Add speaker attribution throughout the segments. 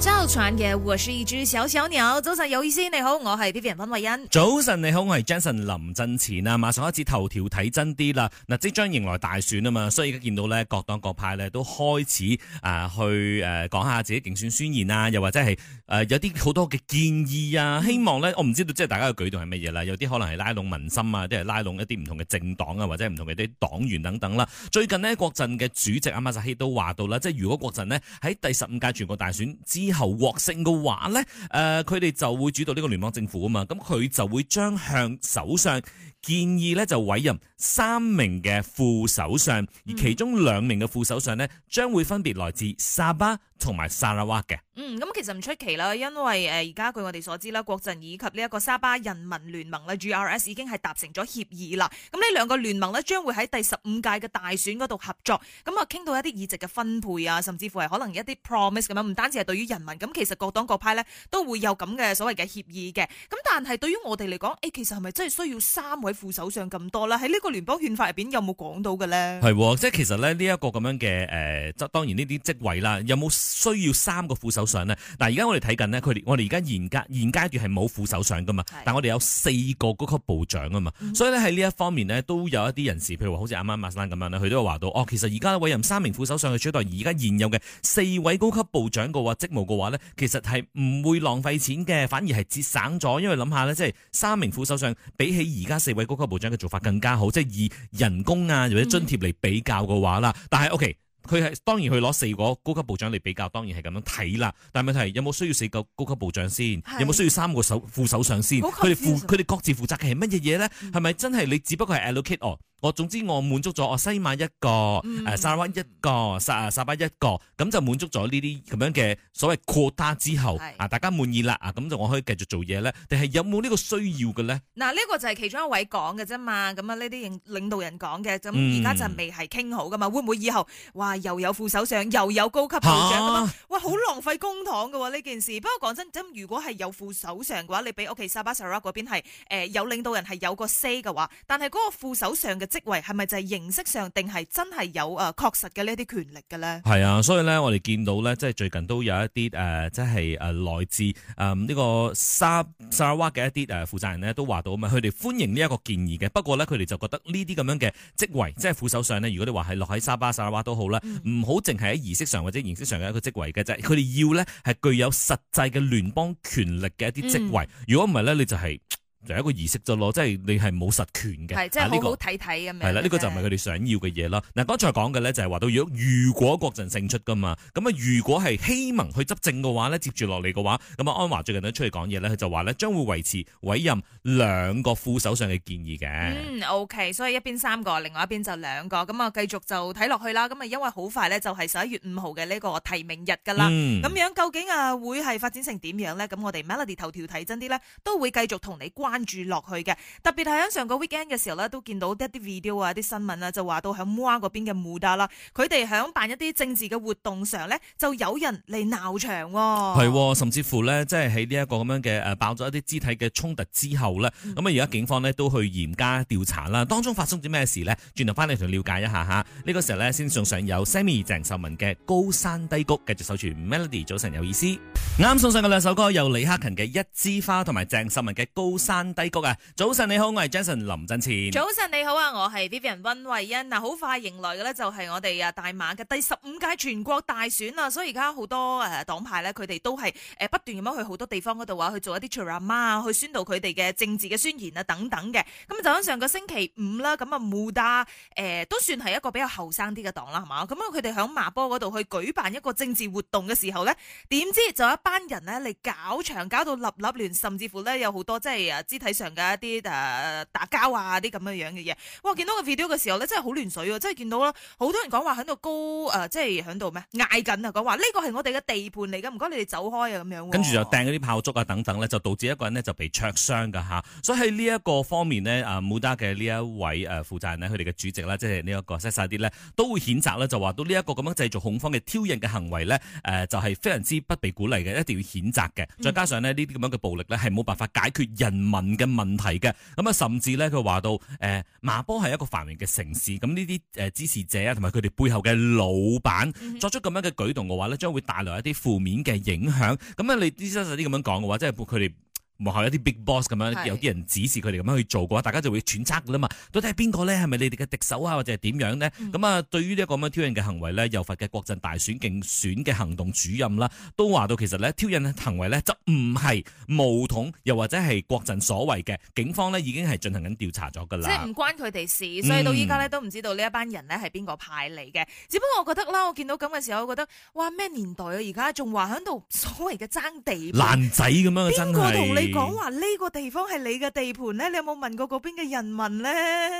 Speaker 1: 周產嘅，我是一隻小小鳥。早晨有意思，你好，我係 B B 人潘慧欣。
Speaker 2: 早晨你好，我係 Jason 林振前啊！馬上開始頭條睇真啲啦。嗱，即將迎來大選啊嘛，所以而家見到咧，各黨各派咧都開始啊、呃、去誒講、呃、下自己競選宣言啊，又或者係誒、呃、有啲好多嘅建議啊，希望咧，我唔知道即係大家嘅舉動係乜嘢啦。有啲可能係拉攏民心啊，即係拉攏一啲唔同嘅政黨啊，或者唔同嘅啲黨員等等啦。最近呢，國陣嘅主席阿馬扎希都話到啦，即係如果國陣呢喺第十五屆全國大選之之後獲勝嘅話咧，誒、呃，佢哋就會主導呢個聯邦政府啊嘛，咁佢就會將向首相建議咧，就委任。三名嘅副首相，而其中兩名嘅副首相呢，將會分別來自沙巴同埋砂拉哇嘅。
Speaker 1: 嗯，咁其實唔出奇啦，因為誒而家據我哋所知啦，國陣以及呢一個沙巴人民聯盟咧 GRS 已經係達成咗協議啦。咁呢兩個聯盟呢，將會喺第十五屆嘅大選嗰度合作，咁啊傾到一啲議席嘅分配啊，甚至乎係可能一啲 promise 咁樣，唔單止係對於人民，咁其實各黨各派咧都會有咁嘅所謂嘅協議嘅。咁但係對於我哋嚟講，誒其實係咪真係需要三位副首相咁多啦？喺呢個。聯邦憲法入邊有冇講到嘅咧？係
Speaker 2: 即係其實咧呢一個咁樣嘅誒、呃，當然呢啲職位啦，有冇需要三個副首相咧？嗱，而家我哋睇緊呢，佢哋我哋而家現階現階段係冇副首相噶嘛，的但我哋有四個高級部長啊嘛，嗯、哼所以咧喺呢一方面呢，都有一啲人士，譬如話好似啱啱馬生咁樣佢都有話到哦，其實而家委任三名副首相去取代而家現，現有嘅四位高級部長嘅話職務嘅話咧，其實係唔會浪費錢嘅，反而係節省咗，因為諗下咧，即、就、係、是、三名副首相比起而家四位高級部長嘅做法更加好。嗯以人工啊，或者津貼嚟比較嘅話啦，嗯、但係 O K，佢係當然去攞四個高級部長嚟比較，當然係咁樣睇啦。但係問題係有冇需要四個高級部長先？是有冇需要三個手副首相先？佢哋負佢哋各自負責嘅係乜嘢嘢咧？係咪、嗯、真係你只不過係 allocate？All? 我總之我滿足咗，我西馬一個，誒沙拉瓦一個，沙誒沙巴一個，咁就滿足咗呢啲咁樣嘅所謂 quota 之後，啊大家滿意啦，啊咁就我可以繼續做嘢咧。定係有冇呢個需要嘅咧？
Speaker 1: 嗱，呢個就係其中一位講嘅啫嘛。咁啊，呢啲領領導人講嘅，咁而家就未係傾好噶嘛。會唔會以後哇又有副首相又有高級部長咁啊？嘩，好浪費公帑嘅喎呢件事。不過講真，咁如果係有副首相嘅話，你俾屋企沙巴沙拉瓦嗰邊係誒有領導人係有個 say 嘅話，但係嗰個副首相嘅。職位係咪就係形式上，定係真係有誒確實嘅呢一啲權力嘅咧？
Speaker 2: 係啊，所以咧我哋見到咧，即係最近都有一啲誒、呃，即係誒、呃、來自誒呢、呃這個沙沙拉瓦嘅一啲誒負責人咧，都話到，嘛，佢哋歡迎呢一個建議嘅。不過咧，佢哋就覺得呢啲咁樣嘅職位，即係副首相咧，如果你話係落喺沙巴沙拉瓦都好啦，唔好淨係喺儀式上或者形式上嘅一個職位嘅啫。佢哋要咧係具有實際嘅聯邦權力嘅一啲職位。如果唔係咧，你就係、是。就一個儀式咗咯，即、就、係、是、你係冇實權嘅，即係、就是、好好
Speaker 1: 睇睇咁樣。係啦、啊，呢、這個這個就唔係
Speaker 2: 佢哋想要嘅嘢啦。嗱的，剛才講嘅咧就係話到，如果如果國陣勝出噶嘛，咁啊如果係希盟去執政嘅話咧，接住落嚟嘅話，咁啊安華最近都出嚟講嘢咧，佢就話呢將會維持委任兩個副首相嘅建議嘅。嗯
Speaker 1: ，OK，所以一邊三個，另外一邊就兩個，咁啊繼續就睇落去啦。咁啊因為好快咧，就係十一月五號嘅呢個提名日噶啦。咁、嗯、樣究竟啊會係發展成點樣咧？咁我哋 Melody 頭條睇真啲咧，都會繼續同你關關注落去嘅，特別係喺上個 weekend 嘅時候咧，都見到一啲 video 啊，啲新聞啊，就話到喺摩 a 嗰邊嘅烏達啦，佢哋響辦一啲政治嘅活動上呢，就有人嚟鬧場、哦，係、
Speaker 2: 哦、甚至乎呢，即係喺呢一個咁樣嘅誒，爆咗一啲肢體嘅衝突之後呢。咁啊、嗯，而家警方呢，都去嚴加調查啦。當中發生咗咩事呢？轉頭翻嚟同了解一下吓。呢、這個時候呢，先送上,上有 Sammy 鄭秀文嘅《高山低谷的手傳》，繼續守住 Melody 早晨有意思。啱送上嘅兩首歌，有李克勤嘅《一枝花》同埋鄭秀文嘅《高山》。低谷啊！早晨你好，我係 Jason 林振前。早
Speaker 1: 晨你好啊，我係 Vivian 溫慧欣。嗱，好快迎來嘅咧就係我哋啊大馬嘅第十五屆全國大選啊，所以而家好多誒黨派咧，佢哋都係誒不斷咁樣去好多地方嗰度啊去做一啲 ceramah 啊，去宣導佢哋嘅政治嘅宣言啊等等嘅。咁就喺上個星期五啦，咁啊、呃，MUDA 誒都算係一個比較後生啲嘅黨啦，係嘛？咁啊，佢哋響麻坡嗰度去舉辦一個政治活動嘅時候咧，點知就有一班人咧嚟搞場搞到立立亂，甚至乎咧有好多即係啊～肢體上嘅一啲誒打交啊，啲咁樣樣嘅嘢，哇！見到個 video 嘅時候咧，真係好亂水喎！真係見到啦，好多人講話喺度高誒、呃，即係喺度咩嗌緊啊，講話呢、這個係我哋嘅地盤嚟嘅，唔該你哋走開啊咁樣。跟住
Speaker 2: 就掟嗰啲炮竹啊等等咧，就導致一個人呢就被灼傷嘅嚇。所以喺呢一個方面呢，阿穆達嘅呢一位誒負、呃、責人呢，佢哋嘅主席啦，即係呢一個賽沙迪咧，都會譴責咧，就話到呢一個咁樣製造恐慌嘅挑釁嘅行為咧，誒、呃、就係、是、非常之不被鼓勵嘅，一定要譴責嘅。再加上咧呢啲咁、嗯、樣嘅暴力咧，係冇辦法解決人民嘅問題嘅，咁啊，甚至咧，佢話到，誒、呃、馬波係一個繁榮嘅城市，咁呢啲誒支持者啊，同埋佢哋背後嘅老闆、嗯、哼作出咁樣嘅舉動嘅話咧，將會帶來一啲負面嘅影響。咁啊，你啲真實啲咁樣講嘅話，即係佢哋。幕後有啲 big boss 咁樣，是有啲人指示佢哋咁樣去做嘅話，大家就會揣測噶啦嘛。到底係邊個咧？係咪你哋嘅敵手啊，或者係點樣呢？咁啊、嗯，對於呢一個咁樣挑釁嘅行為咧，又發嘅國陣大選競選嘅行動主任啦，都話到其實咧挑釁行為咧就唔係無統，又或者係國陣所謂嘅警方咧已經係進行緊調查咗㗎啦。即係唔
Speaker 1: 關佢哋事，所以到依家咧都唔知道呢一班人咧係邊個派嚟嘅。嗯、只不過我覺得啦，我見到咁嘅時候，我覺得哇咩年代啊！而家仲話喺度所謂嘅爭地，爛仔
Speaker 2: 咁樣，邊個同你？講話
Speaker 1: 呢個地方係你嘅地盤咧，你有冇問過嗰邊嘅人民咧？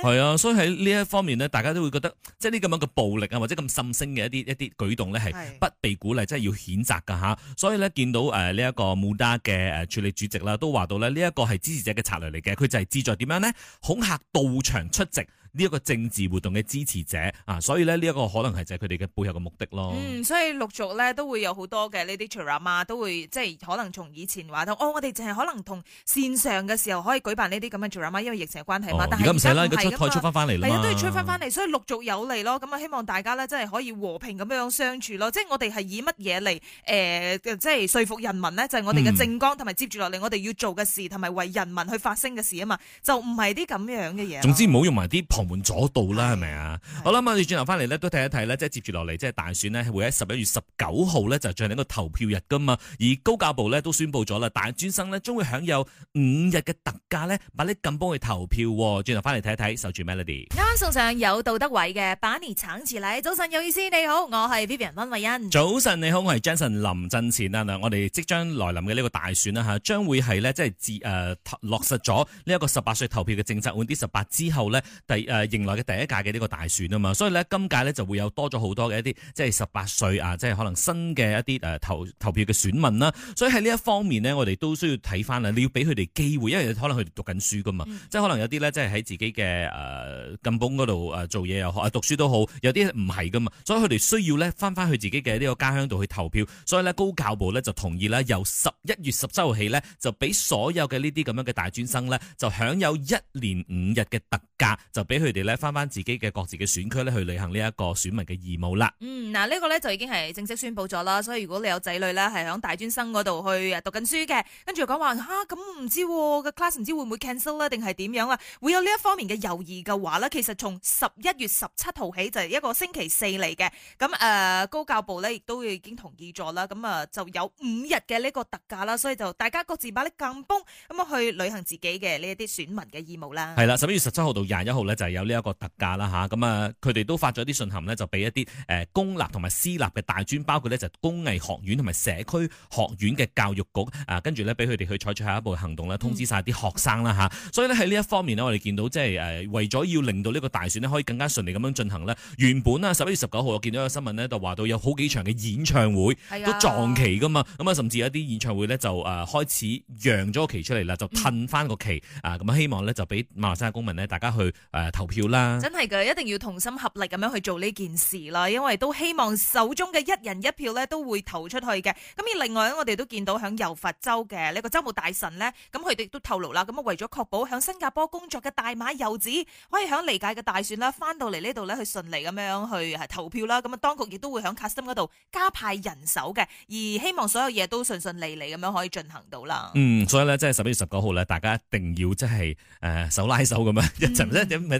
Speaker 2: 係啊，所以喺呢一方面咧，大家都會覺得即係呢咁樣嘅暴力啊，或者咁滲聲嘅一啲一啲舉動咧，係不被鼓勵，即係要譴責噶吓。的所以咧，見到誒呢一個穆達嘅誒處理主席啦，都話到咧呢一個係支持者嘅策略嚟嘅，佢就係志在點樣呢？恐嚇到場出席。呢一個政治活動嘅支持者啊，所以呢，呢一個可能係就係佢哋嘅背後嘅目的咯、嗯。
Speaker 1: 所以陸續咧都會有好多嘅呢啲聚會啊，drama，都會即係可能從以前話到哦，我哋淨係可能同線上嘅時候可以舉辦呢啲咁嘅聚會啊，因為疫情嘅關係嘛。哦、但係而家唔使啦，而家出翻翻嚟啦，而家都要出翻翻嚟，所以陸續有利咯。咁啊，希望大家咧真係可以和平咁樣相處咯。即係我哋係以乜嘢嚟誒，即係説服人民呢，就係、是、我哋嘅政綱同埋接住落嚟我哋要做嘅事同埋為人民去發聲嘅事啊嘛，就唔係啲咁樣嘅嘢。總之唔好
Speaker 2: 用埋啲。門阻道啦，係咪啊？的好啦，咁我哋轉頭翻嚟咧，都睇一睇咧，即係接住落嚟，即係大選咧，會喺十一月十九號咧，就進行一個投票日噶嘛。而高教部咧都宣布咗啦，大專生咧，將會享有五日嘅特假咧，買啲咁幫佢投票。轉頭翻嚟睇一睇，守住 Melody
Speaker 1: 啱啱送上有杜德偉嘅《把年橙子禮》，早晨有意思，你好，我係 Vivian 溫慧欣。
Speaker 2: 早晨你好，我係 Jason 林振前啊！嗱，我哋即將來臨嘅呢個大選啦吓，將會係咧，即係自誒落實咗呢一個十八歲投票嘅政策，換啲十八之後呢。第。呃、迎來嘅第一屆嘅呢個大選啊嘛，所以咧，今屆咧就會有多咗好多嘅一啲，即係十八歲啊，即係可能新嘅一啲誒投投票嘅選民啦。所以喺呢一方面呢，我哋都需要睇翻啦。你要俾佢哋機會，因為可能佢哋讀緊書噶嘛，嗯、即係可能有啲咧，即係喺自己嘅誒近邦嗰度誒做嘢又好，讀書都好。有啲唔係噶嘛，所以佢哋需要咧翻翻去自己嘅呢個家鄉度去投票。所以呢，高教部咧就同意咧，由十一月十七號起呢，就俾所有嘅呢啲咁樣嘅大專生咧，就享有一年五日嘅特假，就俾。佢哋咧返返自己嘅各自嘅選區咧，去履行呢一個選民嘅義務啦。
Speaker 1: 嗯，嗱、啊、呢、呢個咧就已經係正式宣布咗啦。所以如果你有仔女咧，係響大專生嗰度去讀緊書嘅，跟住講話嚇咁唔知個、啊、class 唔知會唔會 cancel 咧，定係點樣啊？會有呢一方面嘅猶豫嘅話咧，其實從十一月十七號起就係、是、一個星期四嚟嘅。咁誒、呃、高教部咧亦都已經同意咗啦。咁啊就有五日嘅呢個特假啦，所以就大家各自把啲咁崩咁啊去履行自己嘅呢一啲選民嘅義務啦。係啦，十
Speaker 2: 一月十七號到廿一號咧就係。有呢一個特價啦嚇，咁啊佢哋都發咗啲信函呢，就俾一啲誒公立同埋私立嘅大專，包括呢就工藝學院同埋社區學院嘅教育局啊，跟住呢，俾佢哋去採取下一步行動啦，通知晒啲學生啦吓、嗯、所以呢，喺呢一方面呢，我哋見到即係誒為咗要令到呢個大選呢可以更加順利咁樣進行呢。原本啊，十一月十九號我見到一個新聞呢，就話到有好幾場嘅演唱會都撞期噶嘛，咁啊的甚至有啲演唱會呢，就誒開始讓咗個期出嚟啦，就褪翻個期啊，咁啊希望呢，就俾馬來西亞公民呢，大家去投票啦！真
Speaker 1: 係嘅，一定要同心合力咁樣去做呢件事啦，因為都希望手中嘅一人一票咧都會投出去嘅。咁而另外咧，我哋都見到響柔佛州嘅呢，這個州務大臣咧，咁佢哋都透露啦，咁啊為咗確保響新加坡工作嘅大馬遊子，可以響離屆嘅大選啦，翻到嚟呢度咧去順利咁樣去投票啦，咁啊當局亦都會響 custom 度加派人手嘅，而希望所有嘢都順順利利咁樣可以進行到啦。嗯，
Speaker 2: 所以咧即係十一月十九號咧，大家一定要即係誒手拉手咁樣一齊、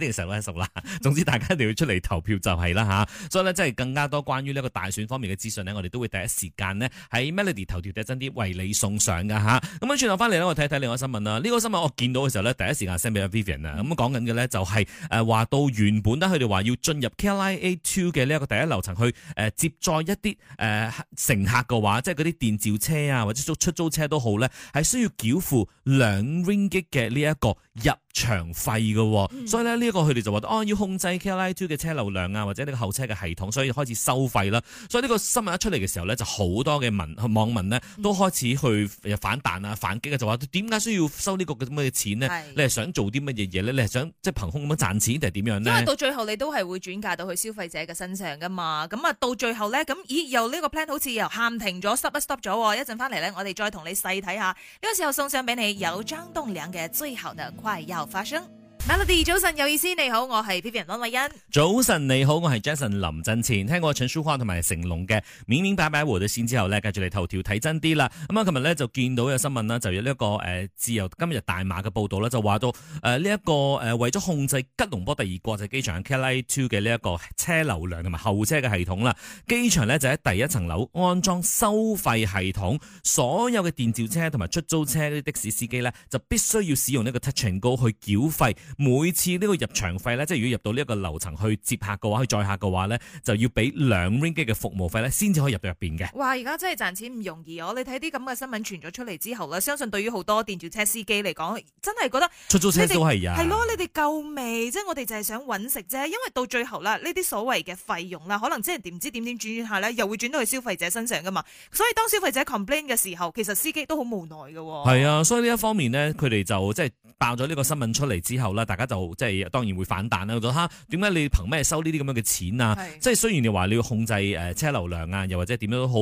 Speaker 2: 嗯 實都係熟啦，總之大家一定要出嚟投票就係啦吓，所以咧真係更加多關於呢一個大選方面嘅資訊呢，我哋都會第一時間呢喺 Melody 頭條嘅真啲為你送上噶吓。咁樣轉頭翻嚟咧，我睇一睇另外新聞啦。呢個新聞，這個，我見到嘅時候咧，第一時間 send 俾阿 Vivian 啊。咁講緊嘅咧就係誒話到原本咧，佢哋話要進入 KLIA Two 嘅呢一個第一樓層去誒接載一啲誒乘客嘅話，即係嗰啲電召車啊，或者租出租車都好咧，係需要繳付兩 ringgit 嘅呢一個入。長費嘅，哦，所以呢呢個個佢哋就話：哦，要控制 k i l i t w o 嘅車流量啊，或者呢個候車嘅系統，所以開始收費啦。所以呢個新聞一出嚟嘅時候呢，就好多嘅文網民呢都開始去反彈啊、反擊啊，就話點解需要收呢個嘅咁嘅錢呢？的你係想做啲乜嘢嘢呢？你係想即係、就是、憑空咁樣賺錢定係點樣呢？」因為到
Speaker 1: 最後你都係會轉嫁到去消費者嘅身上噶嘛。咁、嗯、啊到最後呢，咁咦又呢個 plan 好似又喊停咗，stop stop 咗。一陣翻嚟呢，我哋再同你細睇下。呢、這個時候送上俾你有張冬嶺嘅最後嘅快發生。Melody，早晨有意思，你好，我係 P P R 溫偉欣。
Speaker 2: 早晨你好，我係 Jason 林振前。聽過陳淑樺同埋成龍嘅《明明擺擺活到線》之後呢，繼續嚟頭條睇真啲啦。咁、嗯、啊，琴日呢就見到有新聞啦，就有呢、這、一個誒、呃、自由今日大馬嘅報道啦，就話到誒呢一個誒、呃、為咗控制吉隆坡第二國際機、就是、場 KLIA2 嘅呢一個車流量同埋候車嘅系統啦，機場呢就喺第一層樓安裝收費系統，所有嘅電召車同埋出租車啲的，的士司機呢，就必須要使用呢個 Touch 'n Go 去繳費。每次呢個入場費咧，即係如果入到呢一個樓層去接客嘅話，去載客嘅話咧，就要俾兩 ringgit 嘅服務費咧，先至可以入到入邊嘅。
Speaker 1: 哇！而家真係賺錢唔容易哦！你睇啲咁嘅新聞傳咗出嚟之後咧，相信對於好多電召車司機嚟講，真係覺得出租車都係呀。係咯、啊，你哋夠味，即係我哋就係想揾食啫。因為到最後啦，呢啲所謂嘅費用啦，可能即係點知點點轉轉下咧，又會轉到去消費者身上噶嘛。所以當消費者 complain 嘅時候，其實司機都好無奈喎、哦。係
Speaker 2: 啊，所以呢一方面呢，佢哋就即係爆咗呢個新聞出嚟之後咧。大家就即係當然會反彈啦。咁吓，點解你憑咩收呢啲咁樣嘅錢啊？即係是雖然你話你要控制誒車流量啊，又或者點樣都好，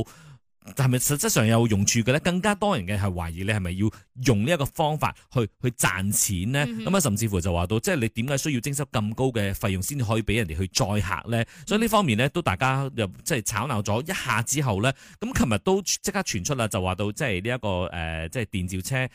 Speaker 2: 係咪實質上有用處嘅咧？更加多人嘅係懷疑你係咪要用呢一個方法去去賺錢呢咁啊，嗯、哼甚至乎就話到，即、就、係、是、你點解需要徵收咁高嘅費用先至可以俾人哋去載客咧？所以呢方面呢，都大家又即係吵鬧咗一下之後呢，咁琴日都即刻傳出啦，就話到即係呢一個誒，即、呃、係電召車。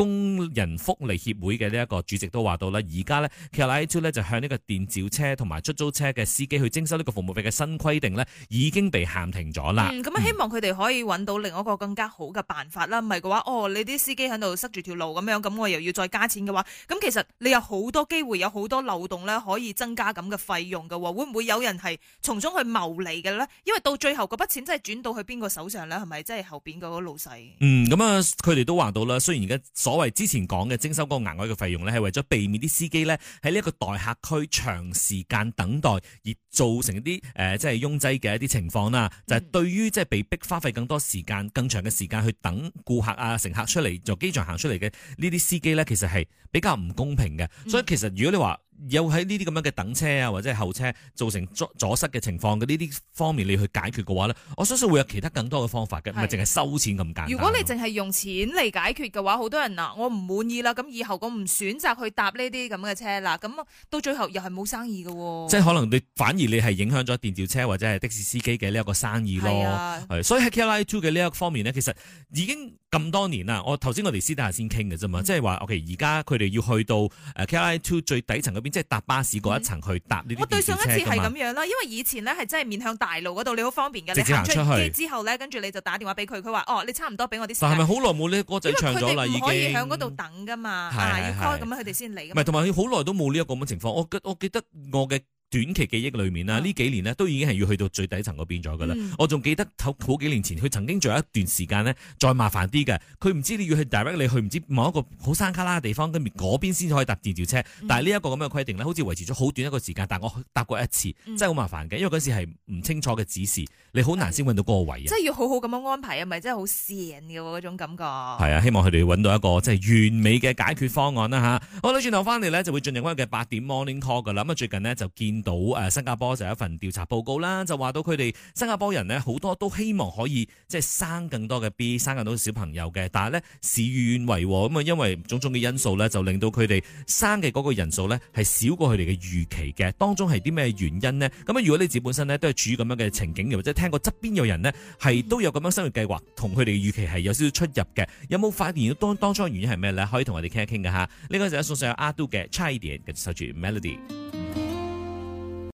Speaker 2: 工人福利協會嘅呢一個主席都話到啦，而家咧其實賴超咧就向呢個電召車同埋出租車嘅司機去徵收呢個服務費嘅新規定咧，已經被喊停咗啦。咁、嗯、希
Speaker 1: 望佢哋可以揾到另一個更加好嘅辦法啦。唔係嘅話，哦，你啲司機喺度塞住條路咁樣，咁我又要再加錢嘅話，咁其實你有好多機會有好多漏洞咧，可以增加咁嘅費用嘅喎、哦。會唔會有人係從中去謀利嘅咧？因為到最後嗰筆錢真係轉到去邊個手上咧？係咪即係後邊嗰個老細？
Speaker 2: 嗯，咁啊，佢哋都話到啦，雖然而家。所謂之前講嘅徵收嗰個額外嘅費用咧，係為咗避免啲司機咧喺呢一個待客區長時間等待而造成一啲誒、呃，即係擁擠嘅一啲情況啦。嗯、就係對於即係被逼花費更多時間、更長嘅時間去等顧客啊、乘客出嚟就機場行出嚟嘅呢啲司機咧，其實係比較唔公平嘅。嗯、所以其實如果你話，有喺呢啲咁樣嘅等車啊，或者係候車造成阻塞嘅情況嘅呢啲方面，你去解決嘅話咧，我相信會有其他更多嘅方法嘅，唔係淨係收錢咁簡單。如果你
Speaker 1: 淨係用錢嚟解決嘅話，好多人啊，我唔滿意啦，咁以後我唔選擇去搭呢啲咁嘅車啦，咁到最後又係冇生意嘅喎。即係可
Speaker 2: 能你反而你係影響咗電召車或者係的士司機嘅呢一個生意咯。係，所以喺 KLIA2 嘅呢一方面呢，其實已經咁多年啦。我頭先我哋私底下先傾嘅啫嘛，即係話 OK，而家佢哋要去到誒 KLIA2 最底層嗰邊。即係搭巴士嗰一層去搭呢啲電車嘛。我對上一次係咁
Speaker 1: 樣啦，因為以前咧，係真係面向大路嗰度，你好方便噶。你行出去，出去之後咧，跟住你就打電話俾佢，佢話哦，你差唔多俾我啲時間。但係咪好
Speaker 2: 耐冇呢歌仔唱咗啦？因為佢哋唔可以喺
Speaker 1: 嗰度等噶嘛，是是是是、啊，要開咁樣佢哋先嚟。唔係，同
Speaker 2: 埋佢好耐都冇呢一個咁嘅情況。我我記得我嘅。短期記憶裏面啦，呢、嗯、幾年咧都已經係要去到最底層嗰邊咗㗎啦。嗯、我仲記得好幾年前，佢曾經仲有一段時間咧，再麻煩啲嘅，佢唔知你要去 direct，你去唔知某一個好山卡拉嘅地方，跟住嗰邊先可以搭電召車。嗯、但係呢一個咁嘅規定咧，好似維持咗好短一個時間。但我搭過一次，真係好麻煩嘅，因為嗰時係唔清楚嘅指示，你好難先揾到嗰個位。即係、就是、
Speaker 1: 要好好咁樣安排啊，咪真係好人嘅嗰種感覺。
Speaker 2: 係啊，希望佢哋揾到一個即係完美嘅解決方案啦嚇、嗯嗯啊。好啦，轉頭翻嚟呢，就會進行今日嘅八點 morning call 㗎啦。咁啊最近呢，就見到誒新加坡就有一份調查報告啦，就話到佢哋新加坡人呢好多都希望可以即係生更多嘅 B，生更多小朋友嘅，但係呢事與願違，咁啊因為種種嘅因素呢，就令到佢哋生嘅嗰個人數呢係少過佢哋嘅預期嘅。當中係啲咩原因呢？咁如果你自己本身呢都係處於咁樣嘅情景，又或者聽過側邊有人呢係都有咁樣的生活計劃，同佢哋嘅預期係有少少出入嘅，有冇發現有當中嘅原因係咩呢？可以同我哋傾一傾㗎吓。呢、呢個就係送上阿杜嘅 Chidi 嘅首 Melody。